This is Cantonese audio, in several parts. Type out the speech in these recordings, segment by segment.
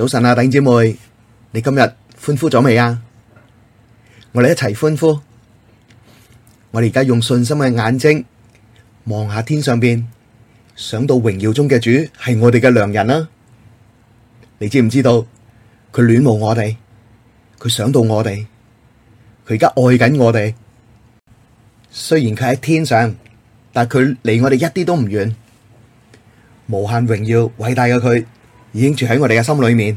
早晨啊，弟兄姊妹，你今日歡呼咗未啊？我哋一齊歡呼！我哋而家用信心嘅眼睛望下天上邊，想到榮耀中嘅主係我哋嘅良人啦。你知唔知道佢戀慕我哋，佢想到我哋，佢而家愛緊我哋。雖然佢喺天上，但係佢離我哋一啲都唔遠。無限榮耀偉大嘅佢。已經住喺我哋嘅心裏面，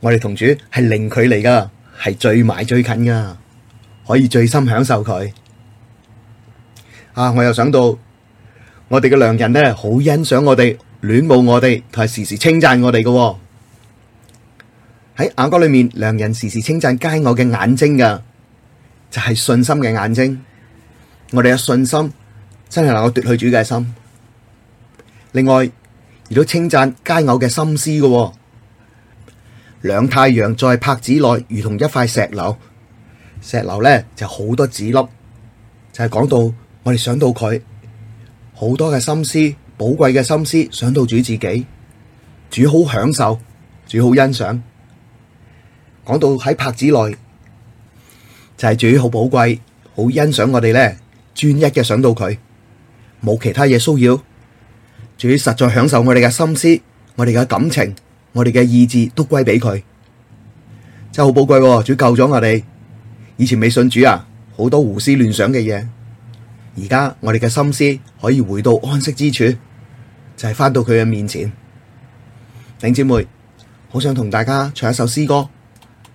我哋同主係零距離噶，係最埋最近噶，可以最深享受佢。啊！我又想到，我哋嘅良人咧，好欣賞我哋，戀慕我哋，係時時稱讚我哋嘅。喺眼角裏面，良人時時稱讚皆我嘅眼睛噶，就係信心嘅眼睛。我哋嘅信心真係能夠奪去主嘅心。另外。亦都稱讚佳偶嘅心思嘅、哦，兩太陽在帕子內，如同一塊石榴，石榴咧就好、是、多子粒，就係、是、講到我哋想到佢好多嘅心思，寶貴嘅心思，想到主自己，主好享受，主好欣賞，講到喺帕子內，就係、是、主好寶貴，好欣賞我哋咧，專一嘅想到佢，冇其他嘢騷擾。主實在享受我哋嘅心思、我哋嘅感情、我哋嘅意志，都歸俾佢，真係好寶貴。主救咗我哋，以前未信主啊，好多胡思亂想嘅嘢，而家我哋嘅心思可以回到安息之處，就係、是、翻到佢嘅面前。弟兄姊妹，好想同大家唱一首詩歌《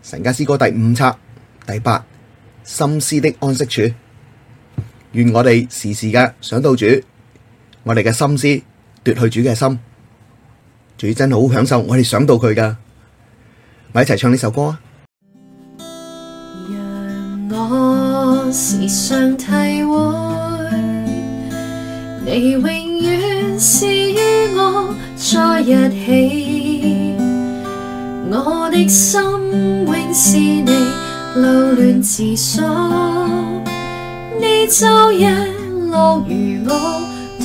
神家詩歌》第五冊第八《心思的安息處》，願我哋時時嘅想到主，我哋嘅心思。奪去主嘅心，最真好享受，我哋想到佢噶，咪一齊唱呢首歌啊！讓我時常體會，你永遠是與我在一起，我的心永是你留戀之所，你晝夜樂如我。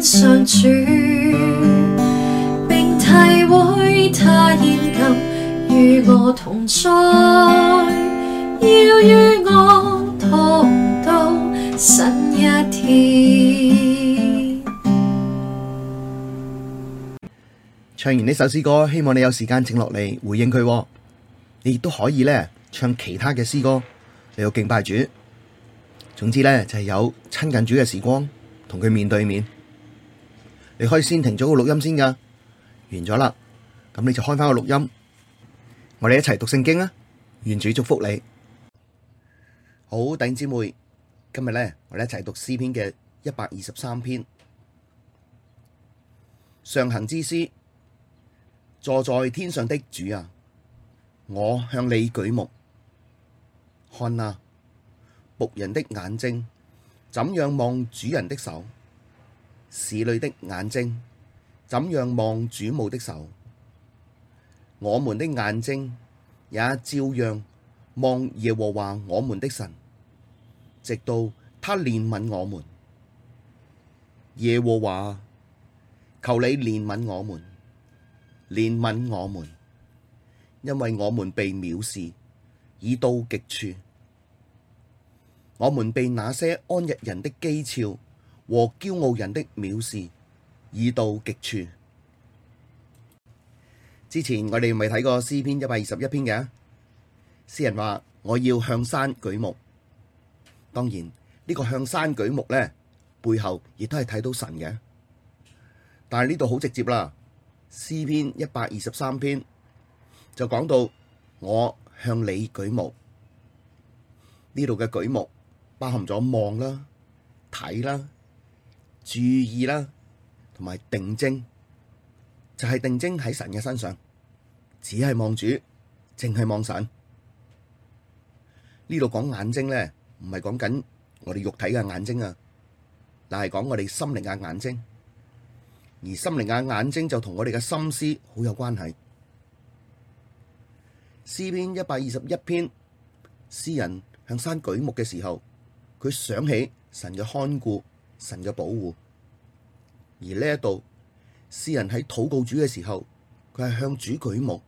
相處，並體會他現今與我同在，要與我同到新一天。唱完呢首詩歌，希望你有時間請落嚟回應佢。你亦都可以咧唱其他嘅詩歌，你有敬拜主。總之咧就係、是、有親近主嘅時光，同佢面對面。你可以先停咗個錄音先噶，完咗啦，咁你就開翻個錄音，我哋一齊讀聖經啊！願主祝福你，好弟兄姊妹，今日咧，我哋一齊讀詩篇嘅一百二十三篇，上行之詩，坐在天上的主啊，我向你舉目，看啊，僕人的眼睛怎樣望主人的手。使女的眼睛怎樣望主母的手，我們的眼睛也照樣望耶和華我們的神，直到他憐憫我們。耶和華，求你憐憫我們，憐憫我們，因為我們被藐視已到極處，我們被那些安逸人的譏誚。和驕傲人的藐視已到極處。之前我哋咪睇過詩篇一百二十一篇嘅詩人話：我要向山舉目。當然呢個向山舉目咧，背後亦都係睇到神嘅。但係呢度好直接啦，詩篇一百二十三篇就講到我向你舉目。呢度嘅舉目包含咗望啦、啊、睇啦、啊。注意啦，同埋定睛，就係定睛喺神嘅身上，只係望住，淨係望神。呢度講眼睛咧，唔係講緊我哋肉體嘅眼睛啊，但係講我哋心靈嘅眼睛，而心靈嘅眼睛就同我哋嘅心思好有關係。詩篇一百二十一篇，詩人向山舉目嘅時候，佢想起神嘅看顧，神嘅保護，而呢一度，詩人喺禱告主嘅時候，佢係向主舉目，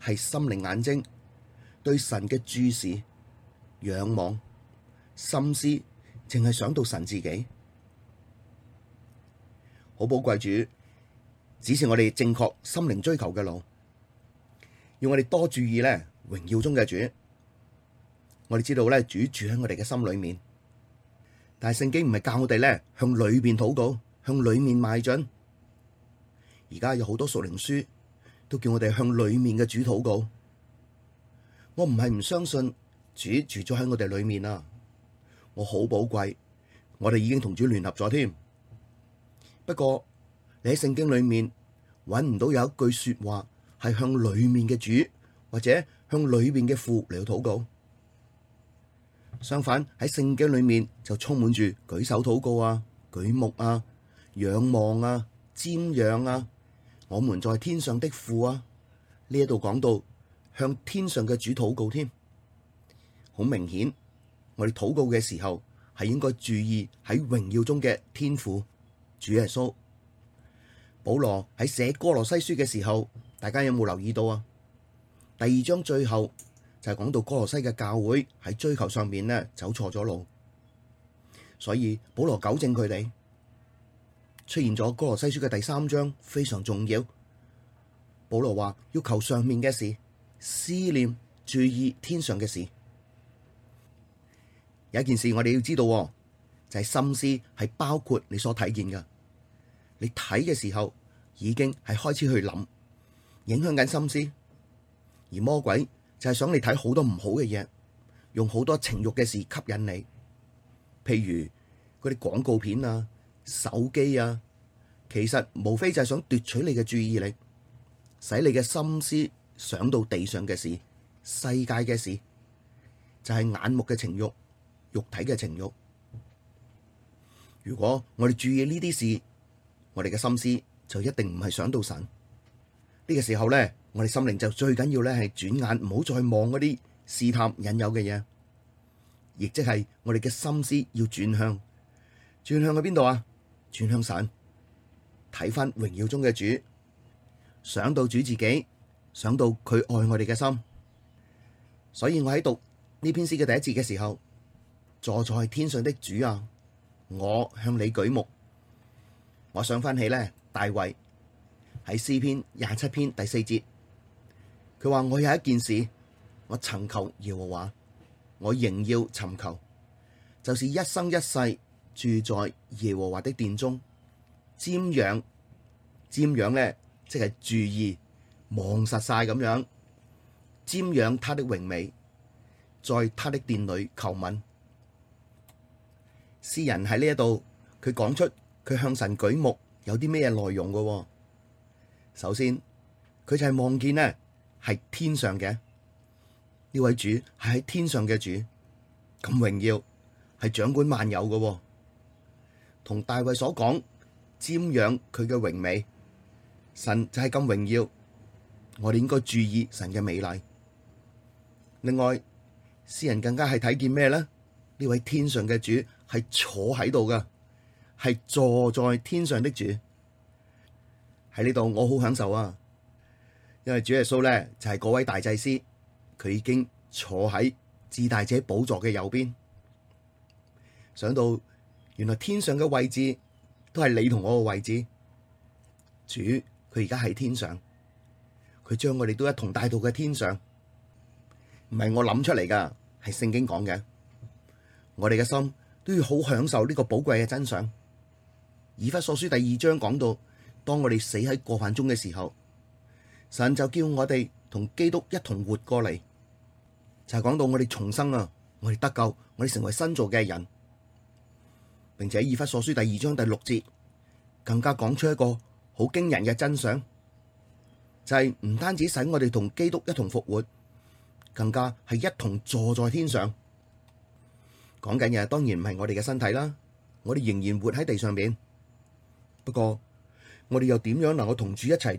係心靈眼睛對神嘅注視、仰望、心思，淨係想到神自己。好寶貴主，指示我哋正確心靈追求嘅路，要我哋多注意咧。榮耀中嘅主，我哋知道咧，主住喺我哋嘅心裏面。但係聖經唔係教我哋咧，向裏邊禱告，向裏面邁進。而家有好多屬靈書都叫我哋向裏面嘅主禱告。我唔係唔相信主住咗喺我哋裏面啊，我好寶貴，我哋已經同主聯合咗添。不過你喺聖經裏面揾唔到有一句說話係向裏面嘅主或者向裏面嘅父嚟禱告。相反喺聖經裏面就充滿住舉手禱告啊、舉目啊、仰望啊、瞻仰啊，我們在天上的父啊。呢一度講到向天上嘅主禱告添，好明顯我哋禱告嘅時候係應該注意喺榮耀中嘅天父主耶穌。保羅喺寫哥羅西書嘅時候，大家有冇留意到啊？第二章最後。就係講到哥羅西嘅教會喺追求上面咧走錯咗路，所以保羅糾正佢哋出現咗《哥羅西書》嘅第三章，非常重要。保羅話：要求上面嘅事，思念、注意天上嘅事。有一件事我哋要知道，就係心思係包括你所睇見嘅。你睇嘅時候已經係開始去諗，影響緊心思，而魔鬼。就係想你睇好多唔好嘅嘢，用好多情欲嘅事吸引你。譬如嗰啲廣告片啊、手機啊，其實無非就係想奪取你嘅注意力，使你嘅心思想到地上嘅事、世界嘅事，就係眼目嘅情欲、肉體嘅情欲。如果我哋注意呢啲事，我哋嘅心思就一定唔係想到神。呢個時候咧。我哋心靈就最緊要咧，係轉眼唔好再望嗰啲試探引誘嘅嘢，亦即係我哋嘅心思要轉向，轉向去邊度啊？轉向神，睇翻榮耀中嘅主，想到主自己，想到佢愛我哋嘅心。所以我喺讀呢篇詩嘅第一節嘅時候，坐在天上的主啊，我向你舉目。我想翻起咧大衛喺詩篇廿七篇第四節。佢話：我有一件事，我尋求耶和華，我仍要尋求，就是一生一世住在耶和華的殿中，瞻仰，瞻仰咧，即係注意望實晒咁樣，瞻仰他的榮美，在他的殿裏求問。詩人喺呢一度，佢講出佢向神舉目有啲咩內容嘅，哦。首先，佢就係望見咧。係天上嘅呢位主，係喺天上嘅主，咁榮耀，係掌管萬有嘅，哦。同大衛所講，瞻仰佢嘅榮美，神就係咁榮耀，我哋應該注意神嘅美麗。另外，詩人更加係睇見咩咧？呢位天上嘅主係坐喺度嘅，係坐在天上的主，喺呢度我好享受啊！因為主耶穌咧就係、是、嗰位大祭司，佢已經坐喺至大者寶座嘅右邊，想到原來天上嘅位置都係你同我嘅位置。主佢而家喺天上，佢將我哋都一同帶到嘅天上，唔係我諗出嚟噶，係聖經講嘅。我哋嘅心都要好享受呢個寶貴嘅真相。以弗所書第二章講到，當我哋死喺過犯中嘅時候。神就叫我哋同基督一同活過嚟，就係講到我哋重生啊，我哋得救，我哋成為新造嘅人，並且喺以弗所書第二章第六節更加講出一個好驚人嘅真相，就係唔單止使我哋同基督一同復活，更加係一同坐在天上。講緊嘅當然唔係我哋嘅身體啦，我哋仍然活喺地上邊，不過我哋又點樣能夠同主一齊？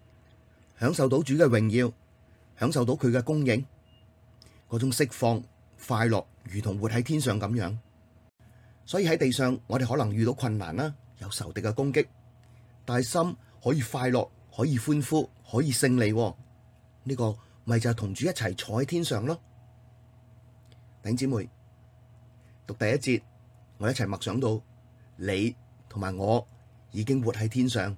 享受到主嘅榮耀，享受到佢嘅供應，嗰種釋放快樂，如同活喺天上咁樣。所以喺地上，我哋可能遇到困難啦，有仇敵嘅攻擊，但係心可以快樂，可以歡呼，可以勝利。呢個咪就係同主一齊坐喺天上咯。弟兄姊妹，讀第一節，我一齊默想到你同埋我已經活喺天上，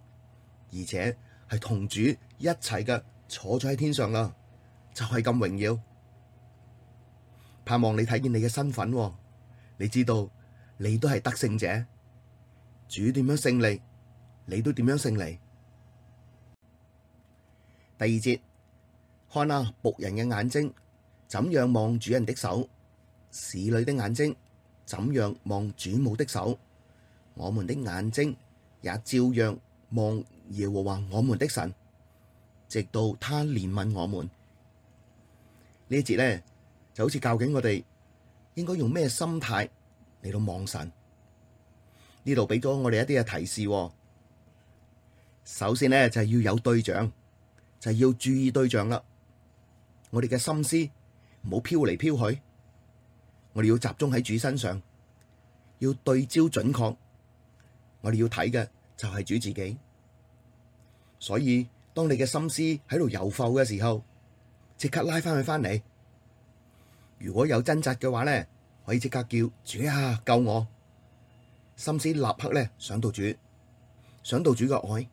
而且係同主。一齊嘅坐咗喺天上啦，就係、是、咁榮耀。盼望你睇見你嘅身份、哦，你知道你都係得勝者。主點樣勝利，你都點樣勝利。第二節，看啊，僕人嘅眼睛怎樣望主人的手，使女的眼睛怎樣望主母的手，我們的眼睛也照樣望耶和華我們的神。直到他憐憫我們，呢一節咧，就好似教緊我哋應該用咩心態嚟到望神。呢度俾咗我哋一啲嘅提示，哦。首先咧就係要有對象，就係要注意對象啦。我哋嘅心思唔好飄嚟飄去，我哋要集中喺主身上，要對焦準確。我哋要睇嘅就係主自己，所以。當你嘅心思喺度游浮嘅時候，即刻拉翻佢翻嚟。如果有掙扎嘅話咧，可以即刻叫主啊救我！心思立刻咧想到主，想到主嘅愛，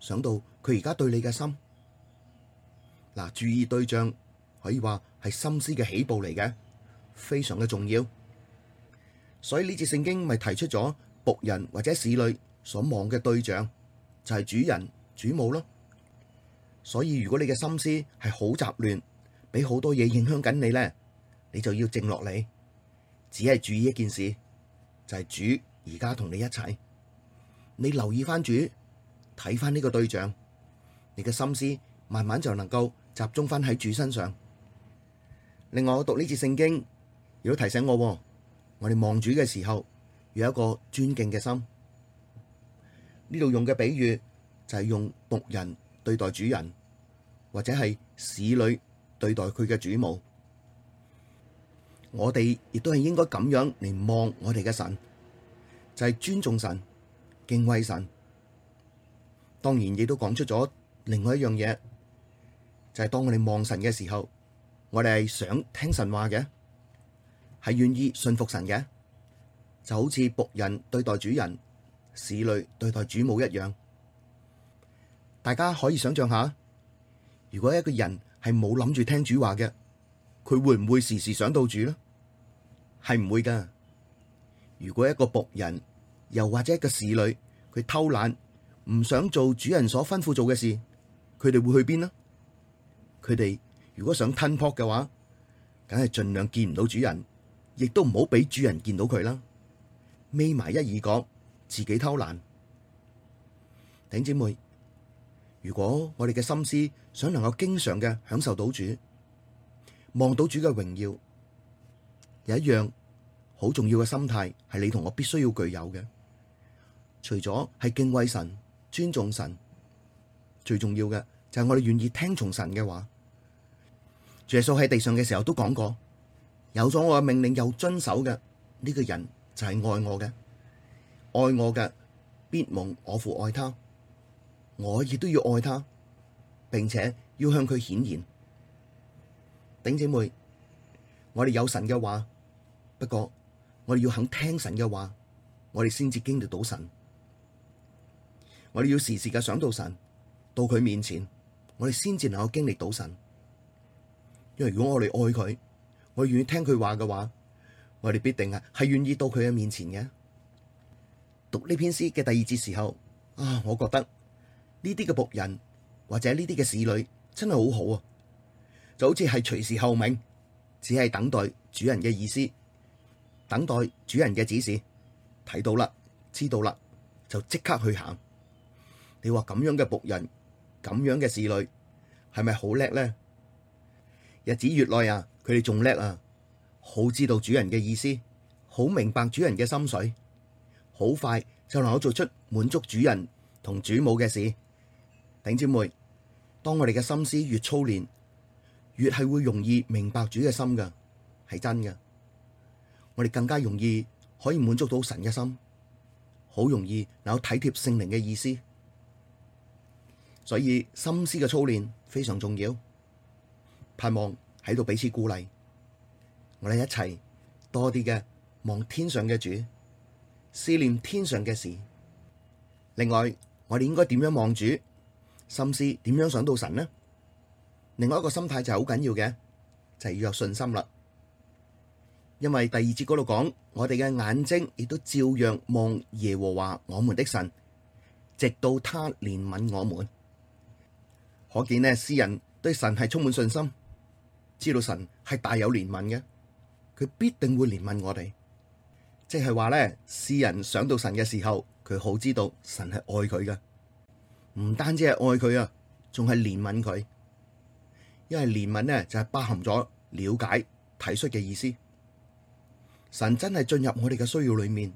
想到佢而家對你嘅心。嗱，注意對象可以話係心思嘅起步嚟嘅，非常嘅重要。所以呢節聖經咪提出咗僕人或者使女所望嘅對象就係主人、主母咯。所以如果你嘅心思係好雜亂，俾好多嘢影響緊你咧，你就要靜落嚟，只係注意一件事，就係、是、主而家同你一齊。你留意返主，睇返呢個對象，你嘅心思慢慢就能夠集中返喺主身上。另外我讀呢節聖經，亦都提醒我，我哋望主嘅時候，要有一個尊敬嘅心。呢度用嘅比喻就係、是、用僕人。對待主人，或者係使女對待佢嘅主母，我哋亦都係應該咁樣嚟望我哋嘅神，就係、是、尊重神、敬畏神。當然亦都講出咗另外一樣嘢，就係、是、當我哋望神嘅時候，我哋係想聽神話嘅，係願意信服神嘅，就好似僕人對待主人、使女對待主母一樣。大家可以想象下，如果一個人係冇諗住聽主話嘅，佢會唔會時時想到主呢？係唔會噶。如果一個僕人，又或者一個侍女，佢偷懶，唔想做主人所吩咐做嘅事，佢哋會去邊呢？佢哋如果想吞潑嘅話，梗係盡量見唔到主人，亦都唔好俾主人見到佢啦。咪埋一二講，自己偷懶，弟姐妹。如果我哋嘅心思想能夠經常嘅享受到主，望到主嘅榮耀，有一樣好重要嘅心態係你同我必須要具有嘅。除咗係敬畏神、尊重神，最重要嘅就係我哋願意聽從神嘅話。主耶穌喺地上嘅時候都講過：有咗我嘅命令又遵守嘅呢個人就係愛我嘅，愛我嘅必蒙我父愛他。我亦都要愛他，並且要向佢顯現。頂姐妹，我哋有神嘅話，不過我哋要肯聽神嘅話，我哋先至經歷到神。我哋要時時嘅想到神，到佢面前，我哋先至能夠經歷到神。因為如果我哋愛佢，我哋願意聽佢話嘅話，我哋必定啊係願意到佢嘅面前嘅。讀呢篇詩嘅第二節時候啊，我覺得。呢啲嘅僕人或者呢啲嘅侍女真係好好啊，就好似係隨時候命，只係等待主人嘅意思，等待主人嘅指示，睇到啦，知道啦，就即刻去行。你話咁樣嘅僕人，咁樣嘅侍女係咪好叻咧？日子越耐啊，佢哋仲叻啊，好知道主人嘅意思，好明白主人嘅心水，好快就能夠做出滿足主人同主母嘅事。弟姐妹，當我哋嘅心思越操練，越係會容易明白主嘅心㗎，係真嘅。我哋更加容易可以滿足到神嘅心，好容易能夠體貼聖靈嘅意思。所以心思嘅操練非常重要，盼望喺度彼此鼓勵，我哋一齊多啲嘅望天上嘅主，思念天上嘅事。另外，我哋應該點樣望主？心思點樣想到神呢？另外一個心態就好緊要嘅，就係要有信心啦。因為第二節嗰度講，我哋嘅眼睛亦都照樣望耶和華我們的神，直到他憐憫我們。可見呢，詩人對神係充滿信心，知道神係大有憐憫嘅，佢必定會憐憫我哋。即係話呢，詩人想到神嘅時候，佢好知道神係愛佢嘅。唔單止係愛佢啊，仲係憐憫佢。因為憐憫呢就係包含咗了，了解、體恤嘅意思。神真係進入我哋嘅需要裏面，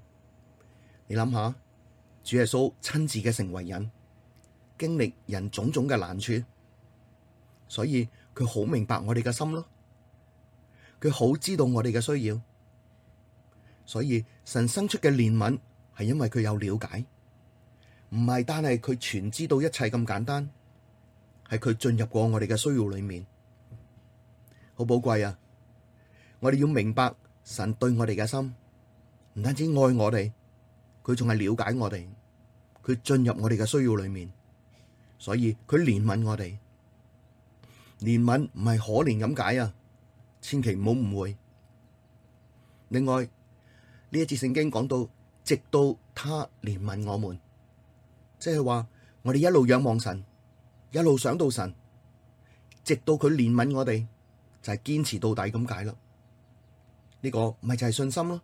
你諗下，主耶穌親自嘅成為人，經歷人種種嘅難處，所以佢好明白我哋嘅心咯，佢好知道我哋嘅需要，所以神生出嘅憐憫係因為佢有了解。唔係單係佢全知道一切咁簡單，係佢進入過我哋嘅需要裏面，好寶貴啊！我哋要明白神對我哋嘅心，唔單止愛我哋，佢仲係了解我哋，佢進入我哋嘅需要裏面，所以佢憐憫我哋。憐憫唔係可憐咁解啊，千祈唔好誤會。另外呢一節聖經講到，直到他憐憫我們。即係話，我哋一路仰望神，一路想到神，直到佢憐憫我哋，就係、是、堅持到底咁解啦。呢、這個咪就係信心咯，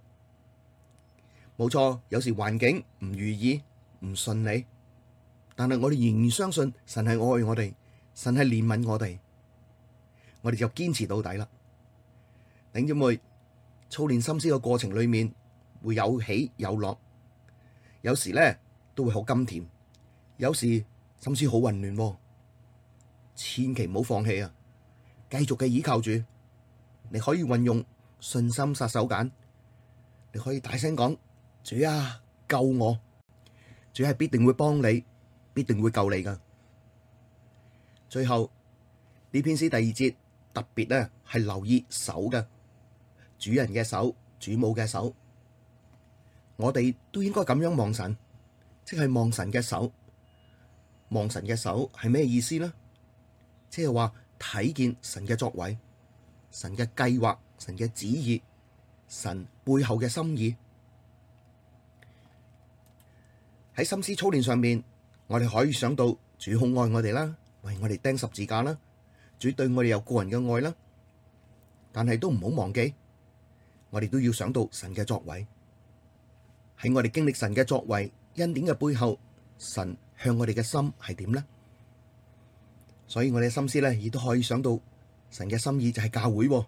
冇錯。有時環境唔如意，唔順利，但係我哋仍然相信神係愛我哋，神係憐憫我哋，我哋就堅持到底啦。頂姐妹，操練心思嘅過程裏面會有起有落，有時咧都會好甘甜。有時心思好混亂喎，千祈唔好放棄啊！繼續嘅倚靠住，你可以運用信心殺手鐧，你可以大聲講，主啊救我！主係必定會幫你，必定會救你噶。最後呢篇詩第二節特別咧係留意手嘅主人嘅手，主母嘅手，我哋都應該咁樣望神，即係望神嘅手。望神嘅手係咩意思呢？即係話睇見神嘅作為、神嘅計劃、神嘅旨意、神背後嘅心意。喺心思操練上面，我哋可以想到主好愛我哋啦，為我哋釘十字架啦，主對我哋有個人嘅愛啦。但係都唔好忘記，我哋都要想到神嘅作為。喺我哋經歷神嘅作為、恩典嘅背後，神。向我哋嘅心係點咧？所以我哋嘅心思咧，亦都可以想到神嘅心意就係教會啊。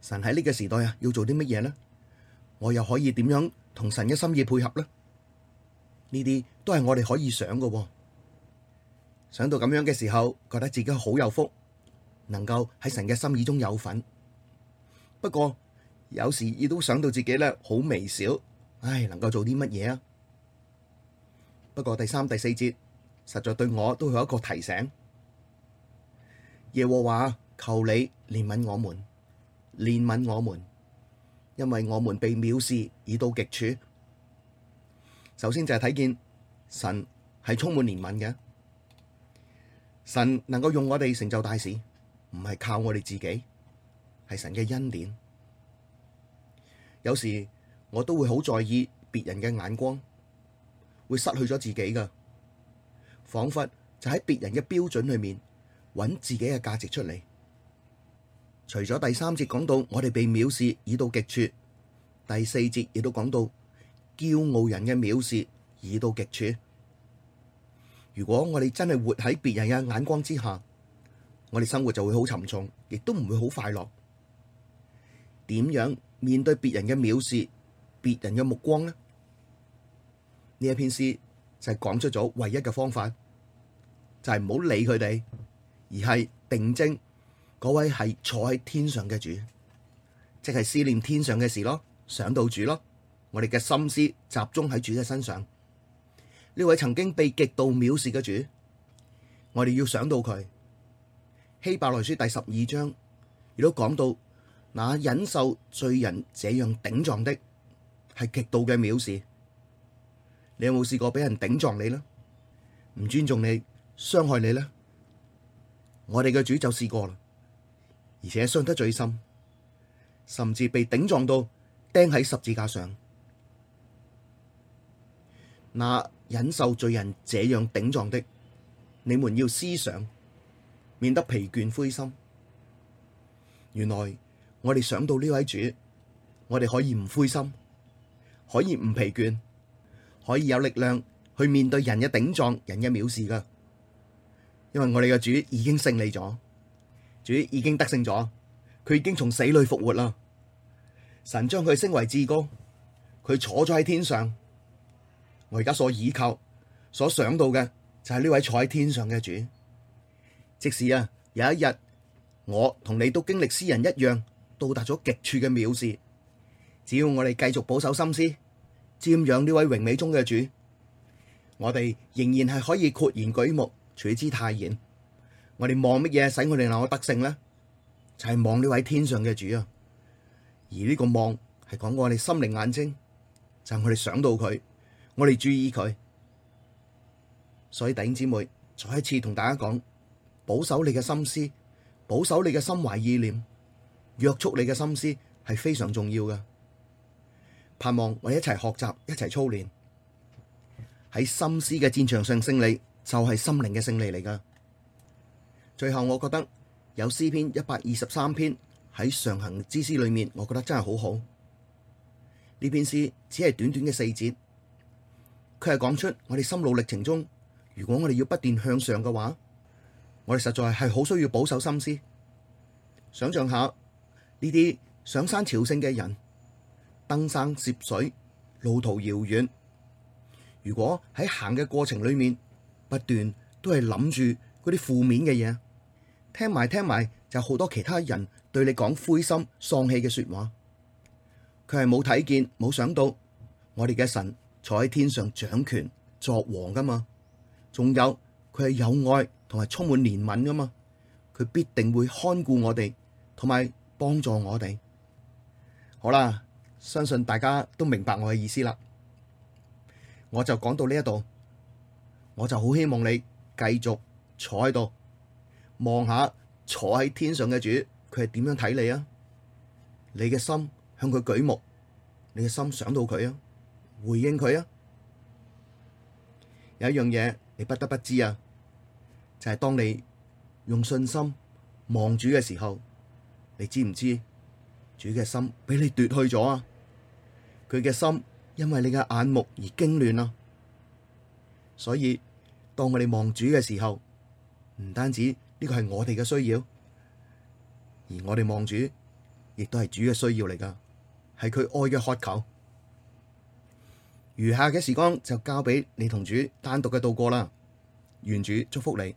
神喺呢個時代啊，要做啲乜嘢咧？我又可以點樣同神嘅心意配合咧？呢啲都係我哋可以想嘅啊。想到咁樣嘅時候，覺得自己好有福，能夠喺神嘅心意中有份。不過有時亦都想到自己咧，好微小，唉，能夠做啲乜嘢啊？不過第三、第四節實在對我都有一個提醒。耶和華，求你憐憫我們，憐憫我們，因為我們被藐視，已到極處。首先就係睇見神係充滿憐憫嘅，神能夠用我哋成就大事，唔係靠我哋自己，係神嘅恩典。有時我都會好在意別人嘅眼光。會失去咗自己噶，仿佛就喺別人嘅標準裏面揾自己嘅價值出嚟。除咗第三節講到我哋被藐視已到極處，第四節亦都講到驕傲人嘅藐視已到極處。如果我哋真係活喺別人嘅眼光之下，我哋生活就會好沉重，亦都唔會好快樂。點樣面對別人嘅藐視、別人嘅目光呢？呢一篇詩就係講出咗唯一嘅方法，就係唔好理佢哋，而係定睛嗰位係坐喺天上嘅主，即係思念天上嘅事咯，想到主咯，我哋嘅心思集中喺主嘅身上。呢位曾經被極度藐視嘅主，我哋要想到佢。希伯來書第十二章亦都講到，那忍受罪人這樣頂撞的，係極度嘅藐視。你有冇試過俾人頂撞你咧？唔尊重你，傷害你咧？我哋嘅主就試過啦，而且傷得最深，甚至被頂撞到釘喺十字架上。那忍受罪人這樣頂撞的，你們要思想，免得疲倦灰心。原來我哋想到呢位主，我哋可以唔灰心，可以唔疲倦。可以有力量去面對人嘅頂撞、人嘅藐視㗎，因為我哋嘅主已經勝利咗，主已經得勝咗，佢已經從死裏復活啦。神將佢升為至高，佢坐咗喺天上。我而家所倚靠、所想到嘅就係呢位坐喺天上嘅主。即使啊有一日，我同你都經歷詩人一樣，到達咗極處嘅藐視，只要我哋繼續保守心思。瞻仰呢位榮美中嘅主，我哋仍然係可以豁然舉目，取之泰然。我哋望乜嘢使我哋能夠得勝呢？就係望呢位天上嘅主啊！而呢個望係講過我哋心靈眼睛，就係我哋想到佢，我哋注意佢。所以弟兄姊妹，再一次同大家講，保守你嘅心思，保守你嘅心懷意念，約束你嘅心思係非常重要嘅。盼望我哋一齊學習，一齊操練，喺心思嘅戰場上勝利就係心靈嘅勝利嚟㗎。最後我覺得有詩篇一百二十三篇喺上行之詩裏面，我覺得真係好好。呢篇詩只係短短嘅四節，佢係講出我哋心路歷程中，如果我哋要不斷向上嘅話，我哋實在係好需要保守心思。想象下呢啲上山朝聖嘅人。登山涉水，路途遙遠。如果喺行嘅過程裏面不斷都係諗住嗰啲負面嘅嘢，聽埋聽埋就好多其他人對你講灰心喪氣嘅說話。佢係冇睇見，冇想到我哋嘅神坐喺天上掌權作王噶嘛？仲有佢係有愛同埋充滿憐憫噶嘛？佢必定會看顧我哋，同埋幫助我哋。好啦。相信大家都明白我嘅意思啦，我就講到呢一度，我就好希望你繼續坐喺度望下坐喺天上嘅主，佢係點樣睇你啊？你嘅心向佢舉目，你嘅心想到佢啊，回應佢啊。有一樣嘢你不得不知啊，就係當你用信心望主嘅時候，你知唔知主嘅心俾你奪去咗啊？佢嘅心因為你嘅眼目而驚亂啦，所以當我哋望主嘅時候，唔單止呢個係我哋嘅需要，而我哋望主，亦都係主嘅需要嚟㗎，係佢愛嘅渴求。餘下嘅時光就交俾你同主單獨嘅度過啦。願主祝福你。